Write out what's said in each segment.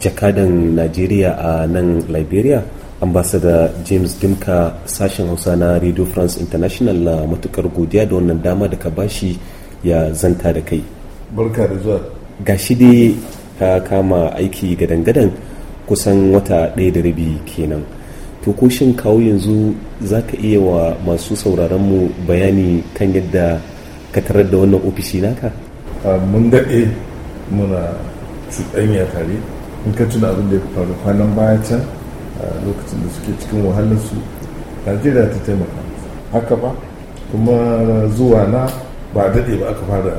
jakadan najeriya a nan liberia ambassador james dimka sashen hausa na radio france international na matukar godiya da wannan dama da ka bashi ya zanta da kai barka da zuwa gashi dai ka kama aiki gadan-gadan kusan wata ɗaya da rabi kenan to ko shin kawo yanzu za ka iya wa masu sauraronmu bayani kan yadda ka tarar da wannan ofishi naka ah, mun daɗe muna cuɗanya tare in ka tuna abin da ya faru kwanan baya can lokacin da suke cikin su najeriya ta taimaka haka ba kuma zuwa na ba daɗe ba aka fara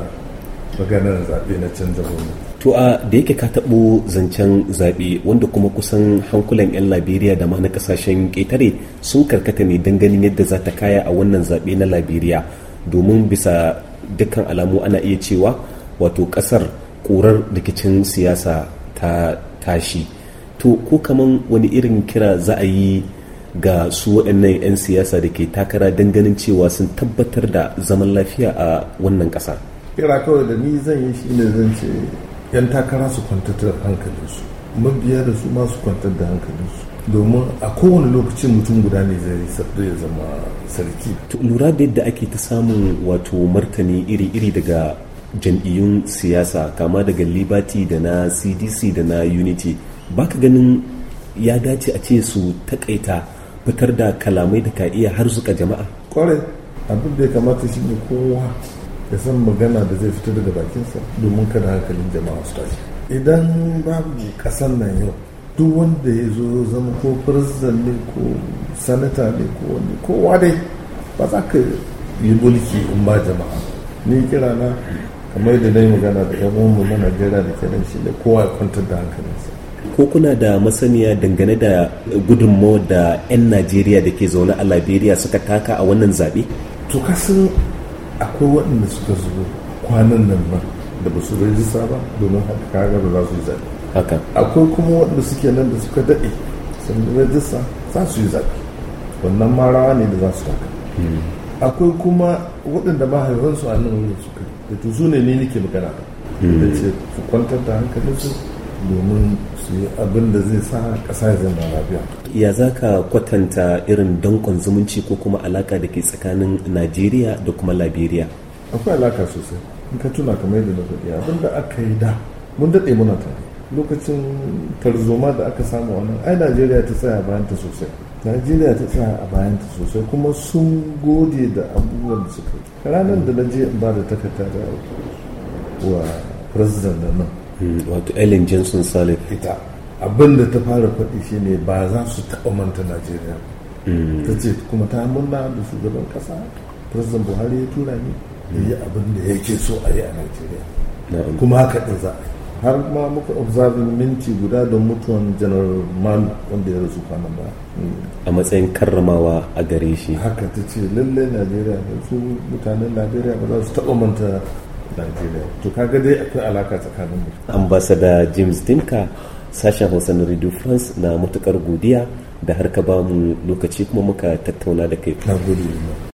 maganar zaɓe na canza gwamna to a da yake ka taɓo zancen zaɓe wanda kuma kusan hankulan 'yan liberia da ma na kasashen ƙetare sun karkata ne don ganin yadda za ta kaya a wannan zaɓe na liberia domin bisa dukkan alamu ana iya cewa wato ƙasar ƙurar rikicin siyasa ta kashi to ko kaman wani irin kira za a yi ga su waɗannan 'yan siyasa da ke takara don ganin cewa sun tabbatar da zaman lafiya a wannan ƙasa kira kawai da ni zan yi shi ne zan ce 'yan takara su kwantatar hankalinsu mabiya da su masu kwantar da hankalinsu domin a kowane lokacin mutum guda ne zai zama sarki. To lura da yadda ake ta samun wato martani iri-iri daga jam'iyyun siyasa kama daga liberty da na cdc da na unity baka ganin ya dace a ce su takaita fitar da kalamai da ka iya suka jama'a kwarai abin da ya kamata shi ne kowa ya san magana da zai fito daga bakinsa domin kada hankalin jama'a su tashi idan babu kasan nan yau duk wanda ya zo zama ko firzan ne ko sanata ne ko wani kowa dai ba za ka yi mulki in ba jama'a ni kira na kamar da dai magana da yan uwanmu na najeriya da ke nan shi ne kowa ya kwantar da hankalinsa ko kuna da masaniya dangane da gudunmo da 'yan najeriya da ke zaune a liberia suka taka a wannan zaɓe? to kasan akwai waɗanda suka zo kwanan nan ba da ba su rajista ba domin haka kaga ba za su yi zaɓe haka akwai kuma waɗanda suke nan da suka daɗe sun rajista za su yi zaɓe wannan marawa ne da za su taka hmm. akwai kuma waɗanda ba haihuwarsu a nan wurin suka da tuzo ne ne nake magana da hmm. ce su kwantar da hankalinsu domin su yi abin da zai sa ƙasa ya zama lafiya ya za ka kwatanta irin dankon zumunci ko kuma alaka da ke tsakanin najeriya da kuma liberia akwai alaka sosai in ka tuna kamar yadda na faɗi abin da aka yi da mun daɗe muna tare lokacin tarzoma da aka samu a nan ai najeriya ta tsaya bayan ta sosai najeriya ta tsaya a bayanta sosai kuma sun gode da abubuwan da suka yi ranar da na je in ba da takarda da wa president da nan hmm, wato ellen johnson salif ita abin da ta fara faɗi shi ne ba za su taɓa manta najeriya hmm. ta ce kuma ta murna da shugaban ƙasa president buhari ya tura ni da yi abin da yake so a yi a najeriya kuma haka ɗin za a yi har ma muka observing minti guda don mutuwan general man wanda ya rasu kwanan ba a matsayin karramawa a gare shi haka ta ce lalle najeriya da su mutanen najeriya ba za su taɓa manta najeriya to kaga dai akwai alaka tsakanin mu ambasada james dinka sashen hausa na radio france na matukar godiya da har ka ba mu lokaci kuma muka tattauna da kai